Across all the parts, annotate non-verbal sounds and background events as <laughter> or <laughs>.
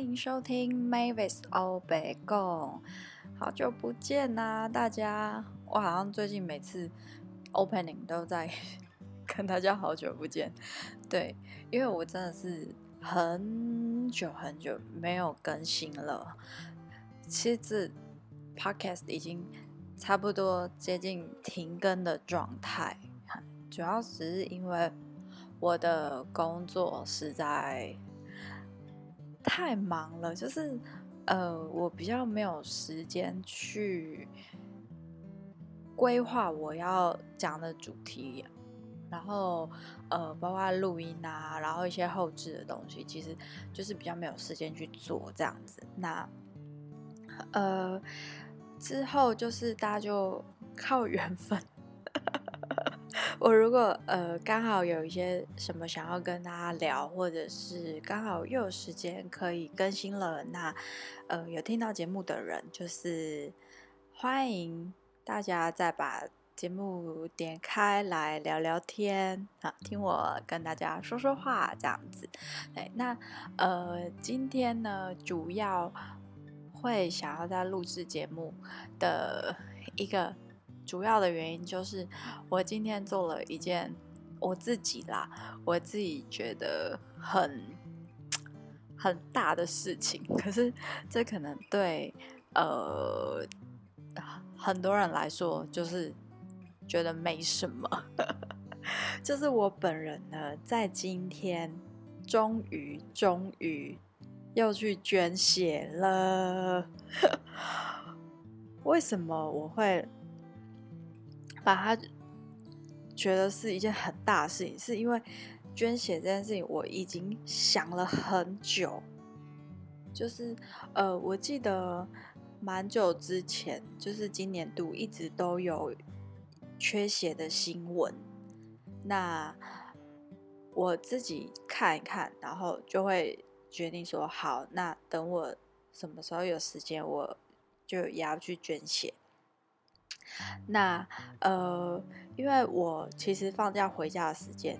歡迎收聽 Mavis 歐北共好久不見啦、啊，大家！我好像最近每次 opening 都在 <laughs> 跟大家好久不見，對，因為我真的是很久很久沒有更新了，其實 podcast 已經差不多接近停更的狀態，主要是因為我的工作是在。太忙了，就是，呃，我比較沒有時間去規劃我要講的主題、啊，然後，呃，包括錄音啊，然後一些後製的東西，其實就是比較沒有時間去做這樣子。那，呃，之後就是大家就靠緣分。我如果，呃，剛好有一些什麼想要跟大家聊，或者是剛好又有時間可以更新了，那，呃，有聽到節目的人，就是歡迎大家再把節目點開來聊聊天啊，聽我跟大家說說話這樣子。對，那，呃，今天呢，主要會想要再錄製節目的一個。主要的原因就是，我今天做了一件我自己啦，我自己覺得很很大的事情。可是這可能對呃很多人來說，就是覺得沒什麼。 <laughs> 就是我本人呢，在今天終於終於又去捐血了。 <laughs> 為什麼我會，把它覺得是一件很大的事情，是因為捐血這件事情，我已經想了很久。就是呃，我記得蠻久之前，就是今年度一直都有缺血的新聞。那我自己看一看，然後就會決定說，好，那等我什麼時候有時間，我就也要去捐血。那呃，因為我其實放假回家的時間，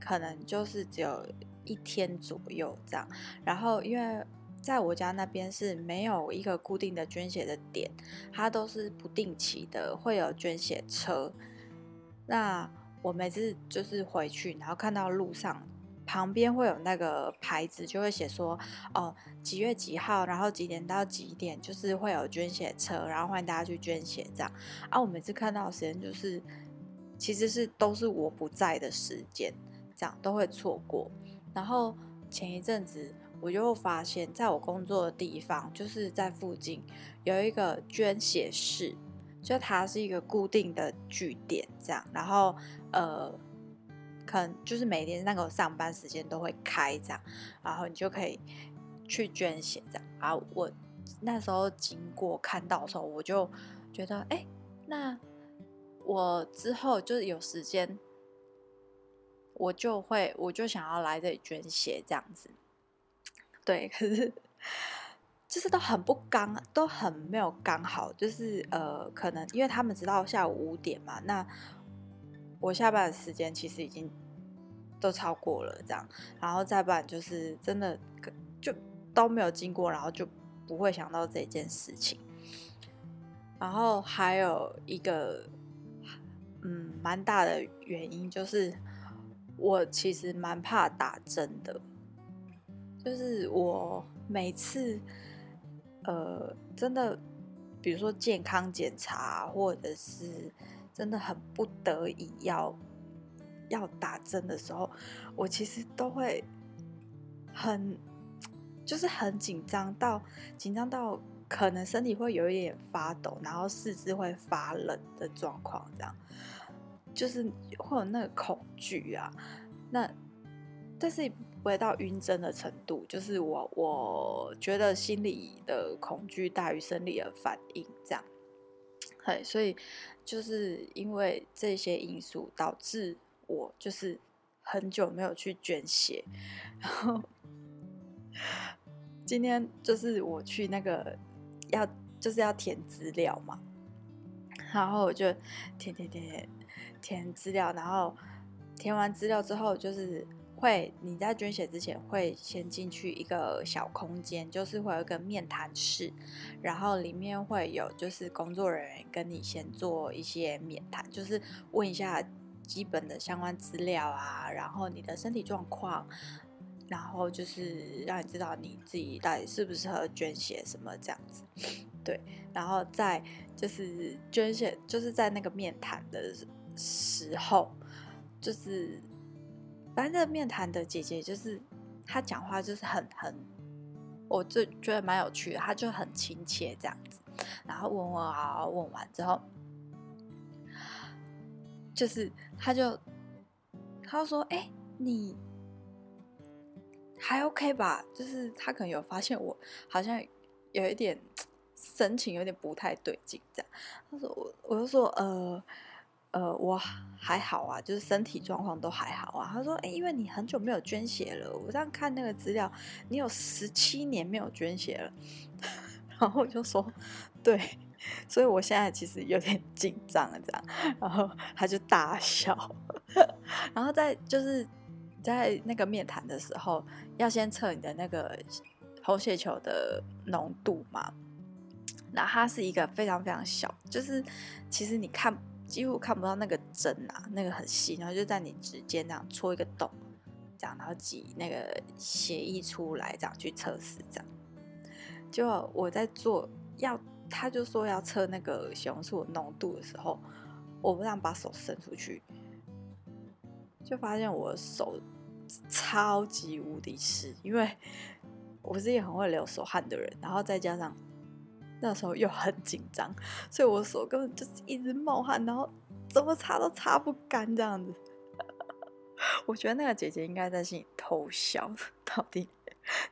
可能就是只有一天左右這樣。然後因為在我家那邊是沒有一個固定的捐血的點，它都是不定期的會有捐血車。那我每次就是回去，然後看到路上。旁邊會有那個牌子，就會寫說，哦、呃，幾月幾號，然後幾點到幾點，就是會有捐血車，然後歡迎大家去捐血，這樣。啊，我每次看到的時間，就是其實是都是我不在的時間，這樣都會錯過。然後前一陣子，我就會發現，在我工作的地方，就是在附近有一個捐血室，就它是一個固定的據點，這樣。然後，呃。可能就是每天那個上班時間都會開這樣，然後你就可以去捐血這樣。啊，我那時候經過看到的時候，我就覺得，哎、欸，那我之後就是有時間，我就會，我就想要來這裡捐血這樣子。對，可是就是都很不剛，都很沒有剛好，就是呃，可能因為他們只到下午五點嘛，那。我下班的時間其實已經都超過了，這樣，然後再不然就是真的就，就都沒有經過，然後就不會想到這件事情。然後還有一個嗯，蠻大的原因就是，我其實蠻怕打針的，就是我每次呃，真的，比如說健康檢查或者是。真的很不得已要要打針的時候，我其實都會很就是很緊張到，到緊張到可能身體會有一點發抖，然後四肢會發冷的狀況，這樣就是會有那個恐懼啊。那但是不會到暈針的程度，就是我我覺得心理的恐懼大於生理的反應，這樣。所以。就是因為這些因素導致我就是很久沒有去捐血，然後今天就是我去那個要，就是要填資料嘛，然後我就填填填填填資料，然後填完資料之後就是。會，你在捐血之前會先進去一個小空間，就是會有一個面談室，然後裡面會有就是工作人員跟你先做一些面談，就是問一下基本的相關資料啊，然後你的身體狀況，然後就是讓你知道你自己到底適不適合捐血什麼這樣子，對，然後再就是捐血就是在那個面談的時候，就是。反正面談的姐姐就是，她講話就是很很，我就覺得蠻有趣的，她就很親切這樣子。然後問我啊，問完之後，就是她就，她就說：“哎，你還 OK 吧？”就是她可能有發現我好像有一點神情有點不太對勁這樣。她說：“我，我就說，呃。”呃，我還好啊，就是身體狀況都還好啊。他說，哎、欸，因為你很久沒有捐血了，我剛看那個資料，你有十七年沒有捐血了。 <laughs> 然後我就說，對，所以我現在其實有點緊張啊，這樣。然後他就大笑。 <laughs> 然後在就是在那個面談的時候，要先測你的那個紅血球的濃度嘛。那它是一個非常非常小，就是其實你看。幾乎看不到那個針啊，那個很細，然後就在你指尖這樣戳一個洞，這樣，然後擠那個血液出來，這樣去測試，這樣。就我在做要，他就說要測那個血紅素濃度的時候，我不想把手伸出去，就發現我的手超級無敵濕，因為我是一個很會流手汗的人，然後再加上。那時候又很緊張，所以我手根本就是一直冒汗，然後怎麼擦都擦不乾這樣子。 <laughs> 我覺得那個姐姐應該在心裡偷笑，到底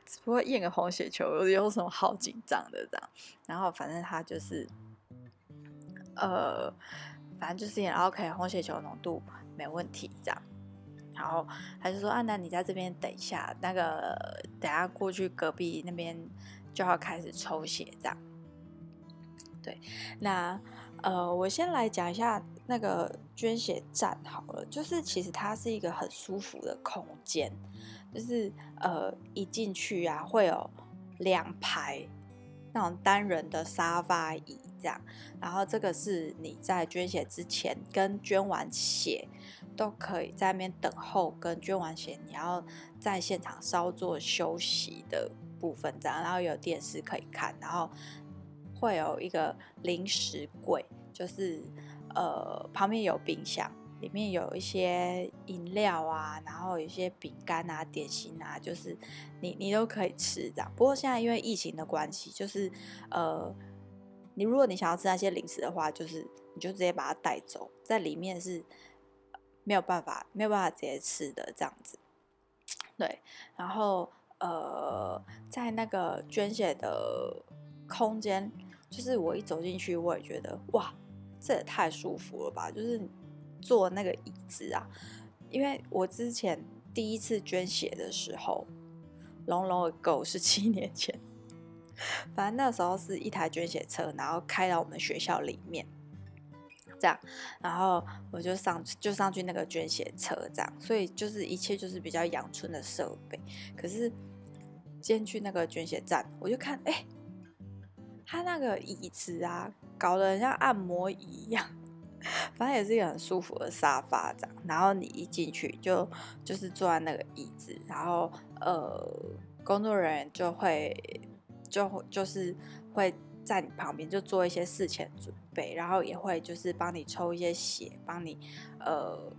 只不過驗個紅血球有什麼好緊張的這樣。然後反正她就是，呃，反正就是也 OK，紅血球濃度沒問題這樣。然後還是說，啊，那你在這邊等一下，那個等下過去隔壁那邊就要開始抽血這樣。對，那呃，我先來講一下那個捐血站好了，就是其實它是一個很舒服的空間，就是呃一進去啊會有兩排那種單人的沙發椅這樣，然後這個是你在捐血之前跟捐完血都可以在那邊等候，跟捐完血你要在現場稍作休息的部分這樣，然後有電視可以看，然後。會有一個零食櫃，就是呃旁邊有冰箱，裡面有一些飲料啊，然後有一些餅乾啊、點心啊，就是你你都可以吃這樣。不過現在因為疫情的關係，就是呃你如果你想要吃那些零食的話，就是你就直接把它帶走，在裡面是沒有辦法沒有辦法直接吃的這樣子。對，然後呃在那個捐血的空間。就是我一走進去，我也覺得哇，這也太舒服了吧！就是坐那個椅子啊，因為我之前第一次捐血的時候，Long long ago，17 年前，反正那時候是一台捐血車，然後開到我們學校裡面，這樣，然後我就上就上去那個捐血車這樣，所以就是一切就是比較陽春的設備。可是今天去那個捐血站，我就看，哎，欸他那個椅子啊，搞得很像按摩椅一樣，反正也是一個很舒服的沙發這樣，然後你一進去就就是坐在那個椅子，然後呃，工作人員就會就就是會在你旁邊就做一些事前準備，然後也會就是幫你抽一些血，幫你呃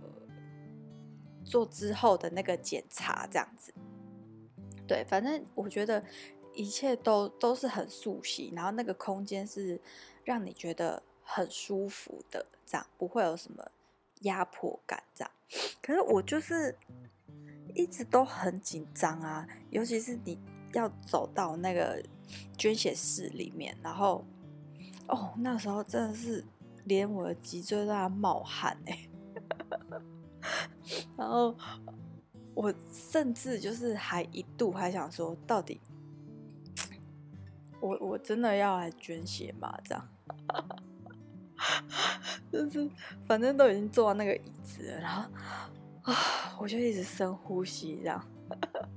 做之後的那個檢查這樣子。對，反正我覺得。一切都都是很熟悉，然後那個空間是讓你覺得很舒服的，這樣不會有什麼壓迫感，這樣。可是我就是一直都很緊張啊，尤其是你要走到那個捐血室裡面，然後哦，那時候真的是連我的脊椎都在冒汗、欸、 <laughs> 然後我甚至就是還一度還想說，到底。我我真的要來捐血嘛？這樣， <laughs> 就是反正都已經坐到那個椅子了，然後啊，我就一直深呼吸這樣。 <laughs>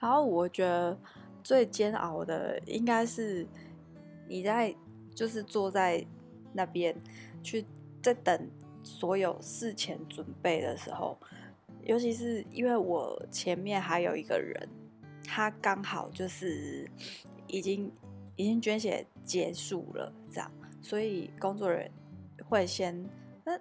然後我覺得最煎熬的應該是你在就是坐在那邊去在等所有事前準備的時候，尤其是因為我前面還有一個人，他剛好就是。已經已經捐血結束了，這樣，所以工作人員會先、呃，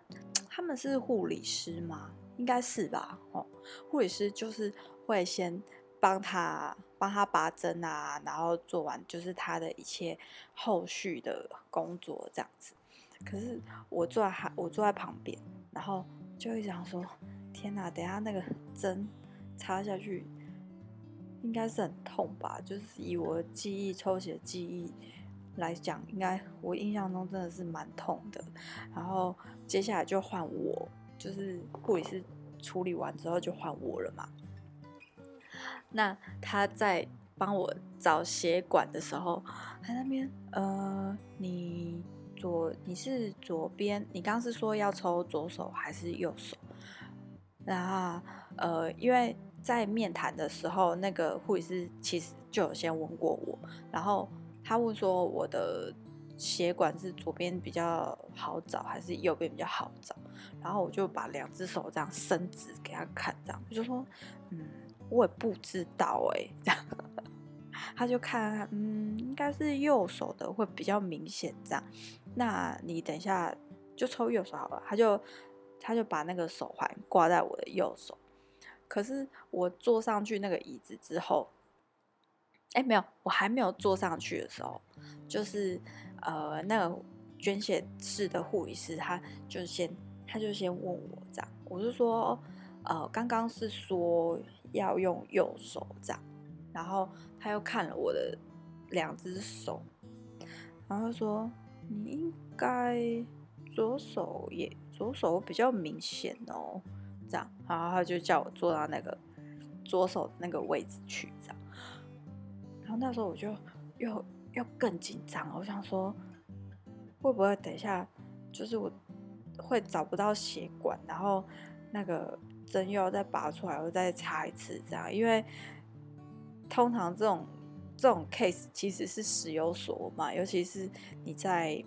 他們是護理師嗎？應該是吧，哦，護理師就是會先幫他幫他拔針啊，然後做完就是他的一切後續的工作這樣子。可是我坐在我坐在旁邊，然後就一直想說，天哪，等下那個針插下去。應該是很痛吧，就是以我的記憶、抽血記憶來講，應該我印象中真的是蠻痛的。然後接下來就換我，就是護理師處理完之後就換我了嘛。那他在幫我找血管的時候，他、哎、那邊呃，你左你是左邊，你剛是說要抽左手還是右手？然後呃，因為。在面談的時候，那個護理師其實就有先問過我，然後他問說我的血管是左邊比較好找，還是右邊比較好找？然後我就把兩只手這樣伸直給他看，這樣我就說，嗯，我也不知道哎、欸，這樣。他就看，嗯，應該是右手的會比較明顯，這樣。那你等一下就抽右手好了。他就他就把那個手環掛在我的右手。可是我坐上去那個椅子之後，哎、欸，沒有，我還沒有坐上去的時候，就是呃，那個捐血室的護理師他就先他就先問我這樣，我就說，呃，剛剛是說要用右手這樣，然後他又看了我的兩隻手，然後說你應該左手也左手比較明顯哦、喔。然後他就叫我坐到那個左手的那個位置去，這樣。然後那時候我就又又更緊張，我想說會不會等一下就是我會找不到血管，然後那個針又要再拔出來，又再插一次這樣？因為通常這種這種 case 其實是時有所聞嘛，尤其是你在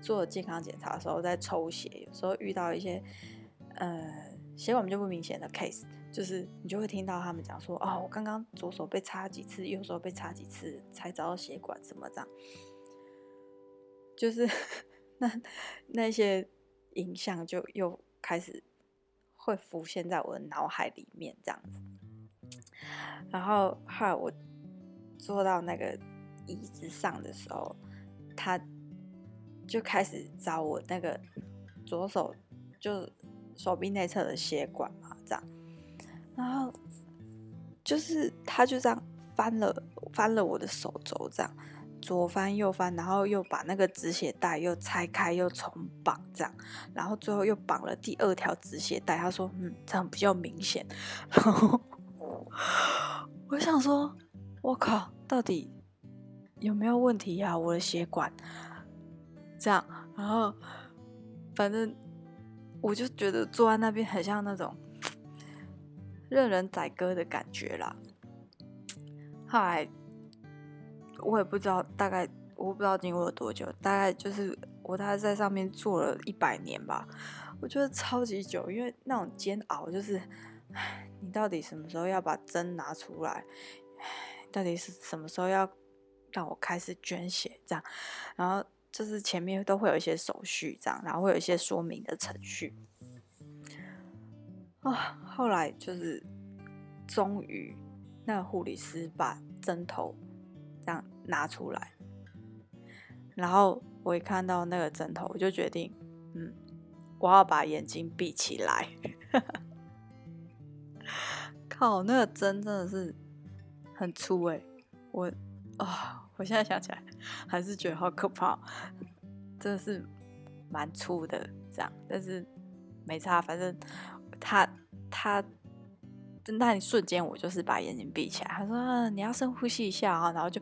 做健康檢查的時候在抽血，有時候遇到一些呃。血管就不明顯的 case，就是你就會聽到他們講說：“哦，我剛剛左手被插幾次，右手被插幾次，才找到血管，怎麼這樣？”就是那那些影像就又開始會浮現在我的腦海裡面，這樣子。然後後來我坐到那個椅子上的時候，他就開始找我那個左手，就。手臂內側的血管嘛，這樣，然後就是他就這樣翻了翻了我的手肘，這樣左翻右翻，然後又把那個止血帶又拆開又重綁，這樣，然後最後又綁了第二條止血帶。他說：“嗯，這樣比較明顯。”然後我想說：“我靠，到底有沒有問題啊？我的血管這樣，然後反正。”我就覺得坐在那邊很像那種任人宰割的感覺啦。後來我也不知道大概，我不知道經過了多久，大概就是我大概在上面坐了一百年吧。我覺得超級久，因為那種煎熬就是，哎，你到底什麼時候要把針拿出來？哎，到底是什麼時候要讓我開始捐血？這樣，然後。就是前面都會有一些手續這樣，然後會有一些說明的程序。啊、哦，後來就是終於那個護理師把針頭這樣拿出來，然後我一看到那個針頭，我就決定，嗯，我要把眼睛閉起來。 <laughs> 靠，那個針真的是很粗哎、欸，我啊。哦我現在想起來，還是覺得好可怕，真的是蠻粗的，這樣，但是沒差，反正他他，那一瞬間我就是把眼睛閉起來，他說、啊、你要深呼吸一下啊，然後就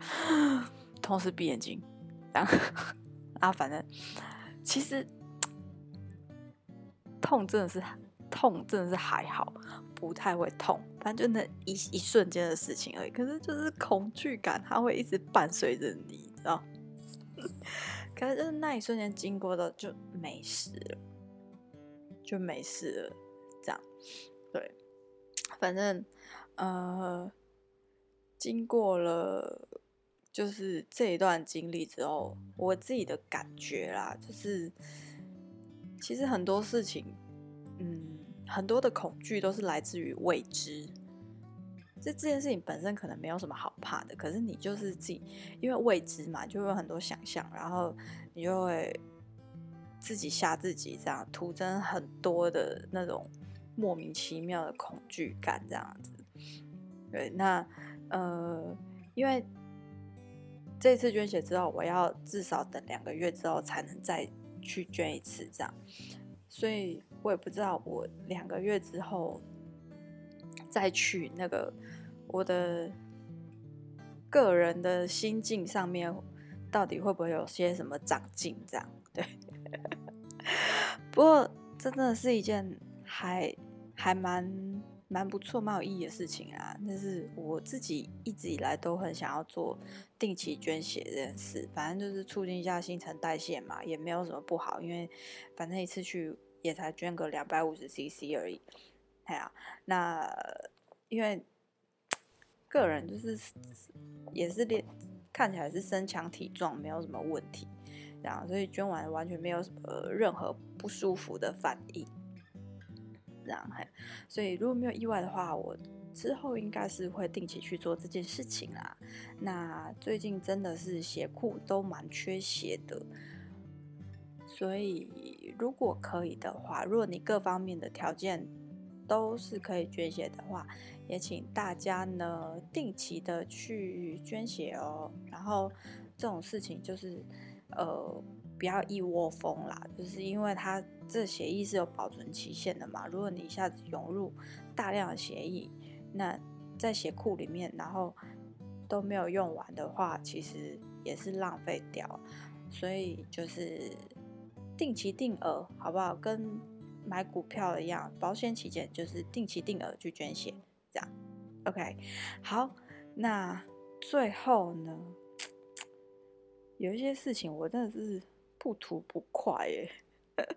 同時閉眼睛，然後啊，反正其實痛真的是痛真的是還好。不太會痛，反正就那一一瞬間的事情而已。可是就是恐懼感，它會一直伴隨着你，知道？ <laughs> 可是就是那一瞬間經過的就沒事了，就沒事了，這樣。對，反正呃，經過了就是這一段經歷之後，我自己的感覺啦，就是其實很多事情，嗯。很多的恐懼都是來自於未知，這件事情本身可能沒有什麼好怕的，可是你就是自己，因為未知嘛，就會有很多想象，然後你就會自己嚇自己，這樣徒增很多的那種莫名其妙的恐懼感，這樣子。對，那呃，因為這次捐血之後，我要至少等兩個月之後才能再去捐一次，這樣，所以。我也不知道，我兩個月之後再去那個，我的個人的心境上面到底會不會有些什麼長進？這樣對。 <laughs> 不過這真的是一件還還蠻蠻不錯、蠻有意義的事情啊！但是我自己一直以來都很想要做定期捐血這件事，反正就是促進一下新陳代謝嘛，也沒有什麼不好。因為反正一次去。也才捐個兩百五十 CC 而已。對啊，那因為個人就是也是看起來是身強體壯，沒有什麼問題，然後、啊、所以捐完完全沒有、呃、任何不舒服的反應，然後、啊、所以如果沒有意外的話，我之後應該是會定期去做這件事情啦。那最近真的是血庫都蠻缺血的。所以，如果可以的話，如果你各方面的條件都是可以捐血的話，也請大家呢定期的去捐血哦。然後這種事情就是，呃，不要一窩蜂啦，就是因為它這血液是有保存期限的嘛。如果你一下子湧入大量的血液，那在血庫裡面，然後都沒有用完的話，其實也是浪費掉。所以就是。定期定額，好不好？跟買股票一樣，保險起見，就是定期定額去捐血，這樣，OK。好，那最後呢，有一些事情我真的是不吐不快耶、欸。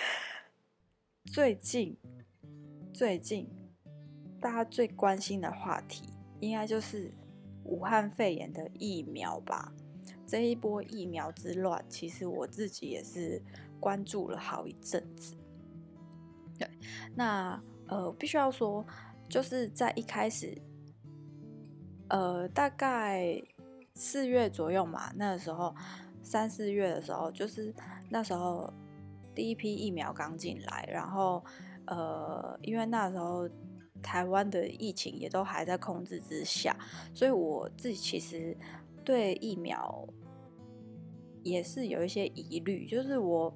<laughs> 最近，最近大家最關心的話題，應該就是武漢肺炎的疫苗吧。這一波疫苗之亂，其實我自己也是關注了好一陣子。對，那呃，必須要說，就是在一開始，呃，大概四月左右嘛，那時候三四月的時候，就是那時候第一批疫苗剛進來，然後呃，因為那時候台灣的疫情也都還在控制之下，所以我自己其實。對疫苗也是有一些疑慮，就是我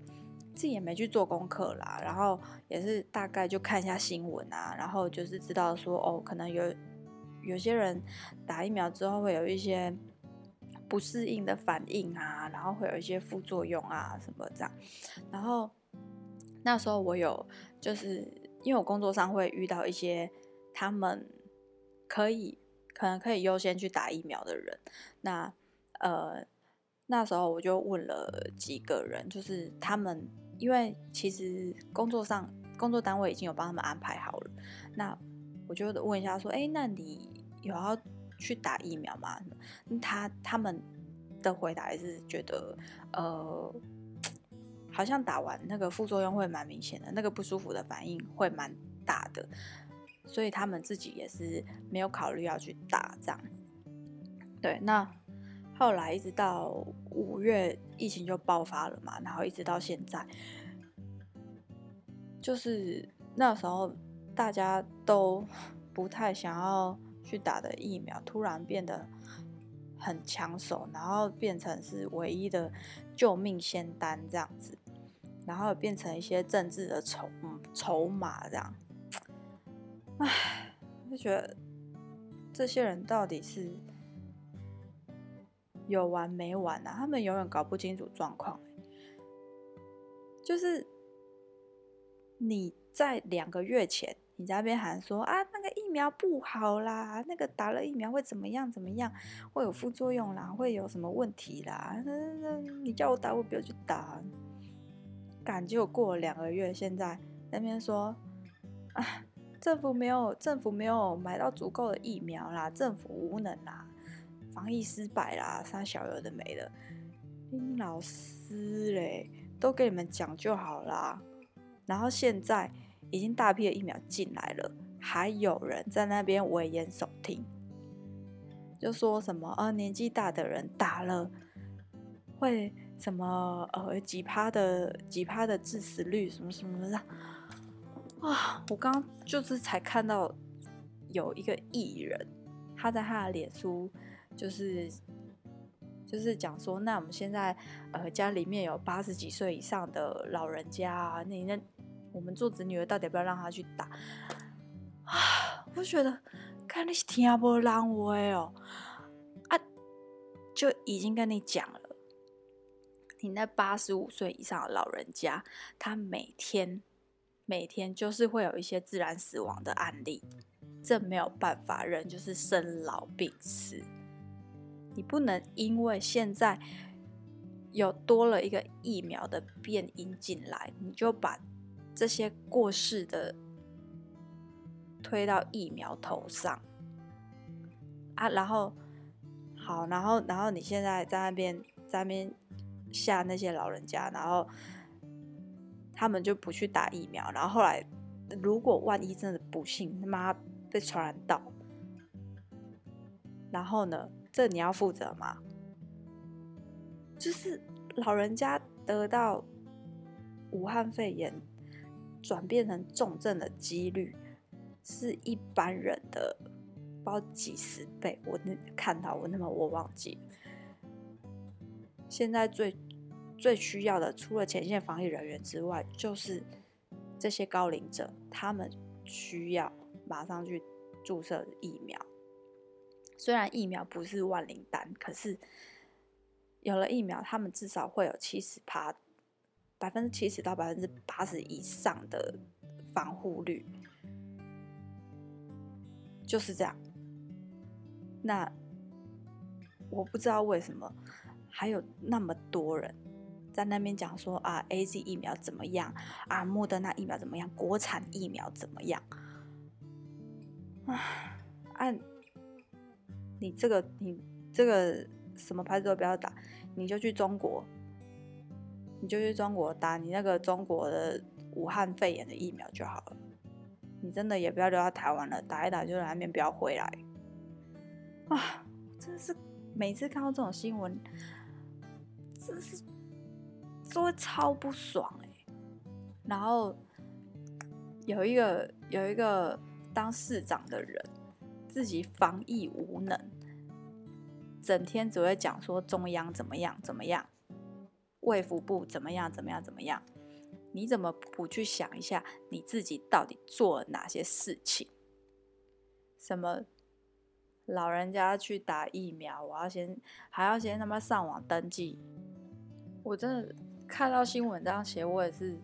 自己也沒去做功課啦，然後也是大概就看一下新聞啊，然後就是知道說哦，可能有有些人打疫苗之後會有一些不適應的反應啊，然後會有一些副作用啊什麼這樣。然後那時候我有就是因為我工作上會遇到一些他們可以。可能可以優先去打疫苗的人，那呃，那時候我就問了幾個人，就是他們因為其實工作上工作單位已經有幫他們安排好了，那我就問一下說，欸，那你有要去打疫苗嗎？他他們的回答是覺得，呃，好像打完那個副作用會蠻明顯的，那個不舒服的反應會蠻大的。所以他們自己也是沒有考慮要去打仗，對。那後來一直到五月疫情就爆發了嘛，然後一直到現在，就是那時候大家都不太想要去打的疫苗，突然變得很搶手，然後變成是唯一的救命仙丹這樣子，然後變成一些政治的籌嗯籌碼這樣。唉，就覺得這些人到底是有完沒完啊？他們永遠搞不清楚狀況、欸。就是你在兩個月前你在那邊喊說啊，那個疫苗不好啦，那個打了疫苗會怎麼樣怎麼樣，會有副作用啦，會有什麼問題啦？嗯、你叫我打我不要去打，感覺我過了兩個月，現在，在那邊說啊。政府沒有，政府沒有買到足夠的疫苗啦，政府無能啦，防疫失敗啦，三小有的沒的、嗯。老師嘞，都給你們講就好啦。然後現在已經大批的疫苗進來了，還有人在那邊危言聳聽，就說什麼呃年紀大的人打了會什麼呃幾趴的幾趴的致死率什麼什麼的、啊。啊！我剛剛就是才看到有一個藝人，他在他的臉書，就是就是講說，那我們現在呃家裡面有八十幾歲以上的老人家、啊，你那我們做子女的到底要不要讓他去打？啊！我覺得看你是聽不懂人話哦，啊，就已經跟你講了，你那八十五歲以上的老人家，他每天。每天就是會有一些自然死亡的案例，這沒有辦法，人就是生老病死。你不能因為現在有多了一個疫苗的變因進來，你就把這些過世的推到疫苗頭上啊！然後好，然後然後你現在在那邊在那邊嚇那些老人家，然後。他們就不去打疫苗，然後後來，如果萬一真的不幸那麼他媽被傳染到，然後呢，這你要負責嗎？就是老人家得到武漢肺炎轉變成重症的幾率，是一般人的不知道幾十倍，我看到我那麼我忘記，現在最。最需要的，除了前線防疫人員之外，就是這些高齡者，他們需要馬上去注射疫苗。雖然疫苗不是萬靈丹，可是有了疫苗，他們至少會有七十趴，百分之七十到百分之八十以上的防護率。就是這樣。那我不知道為什麼還有那麼多人。在那邊講說啊，AZ 疫苗怎麼樣？啊，莫德納疫苗怎麼樣？國產疫苗怎麼樣？唉、啊，按、啊、你這個，你這個什麼牌子都不要打，你就去中國，你就去中國打你那個中國的武漢肺炎的疫苗就好了。你真的也不要留到台灣了，打一打就在那邊不要回來。啊，真的是每次看到這種新聞，真是。說超不爽哎、欸！然後有一個有一個當市長的人，自己防疫無能，整天只會講說中央怎麼樣怎麼樣，衛福部怎麼樣怎麼樣怎麼樣，你怎麼不去想一下你自己到底做了哪些事情？什麼老人家去打疫苗，我要先還要先他媽上網登記，我真的。看到新聞，這樣寫，我也是，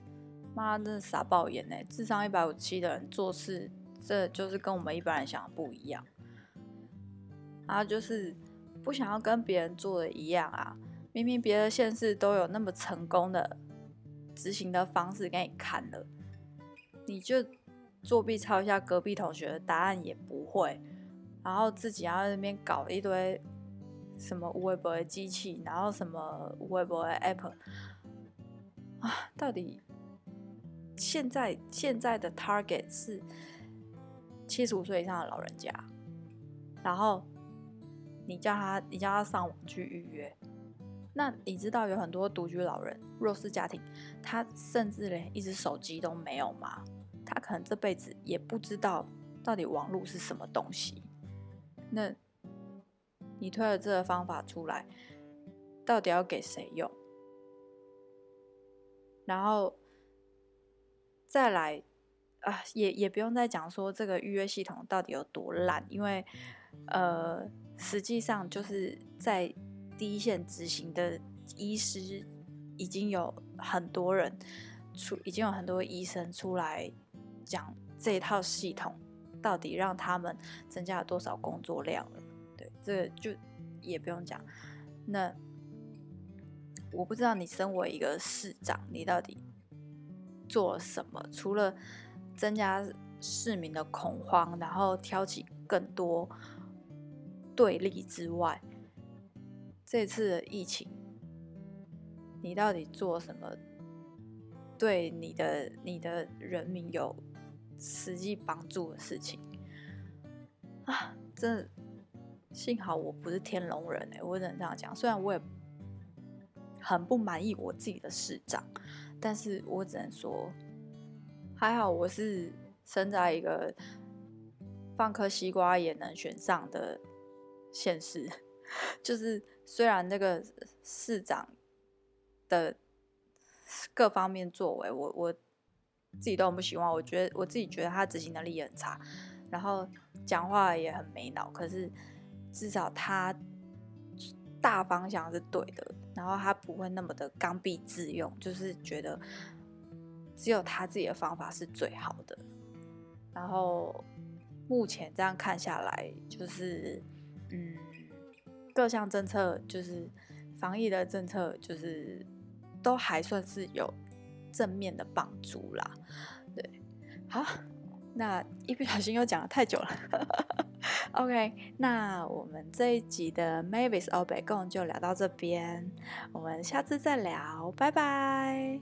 媽的傻爆眼、欸、智商一百五十七的人做事，這就是跟我們一般人想的不一樣。然後就是不想要跟別人做的一樣啊，明明別的縣市都有那麼成功的執行的方式給你看了，你就作弊抄一下隔壁同學的答案也不會，然後自己要在那邊搞一堆什麼 Web 的機器，然後什麼 Web 的 App。啊，到底現在現在的 target 是七十五歲以上的老人家，然後你叫他，你叫他上網去預約，那你知道有很多獨居老人、弱勢家庭，他甚至連一隻手機都沒有嘛，他可能這輩子也不知道到底網絡是什麼東西。那你推了這個方法出來，到底要給誰用？然後，再來，啊，也也不用再講說這個預約系統到底有多爛，因為，呃，實際上就是在第一線執行的醫師已經有很多人出，已經有很多醫生出來講這套系統到底讓他們增加了多少工作量了。對，這個就也不用講。那我不知道你身為一個市長，你到底做了什麼？除了增加市民的恐慌，然後挑起更多對立之外，這次的疫情，你到底做了什麼？對你的你的人民有實際幫助的事情啊？真的幸好我不是天龍人哎、欸，我只能這樣講。雖然我也。很不滿意我自己的市長，但是我只能說，還好我是生在一個放顆西瓜也能選上的縣市，就是雖然那個市長的各方面作為，我我自己都很不喜歡，我覺得我自己覺得他執行能力也很差，然後講話也很沒腦，可是至少他大方向是對的。然後他不會那麼的剛愎自用，就是覺得只有他自己的方法是最好的。然後目前這樣看下來，就是嗯，各項政策，就是防疫的政策，就是都還算是有正面的幫助啦。對，好。那一不小心又講了太久了 <laughs> ，OK，那我們這一集的 Mavis 歐北共就聊到這邊，我們下次再聊，拜拜。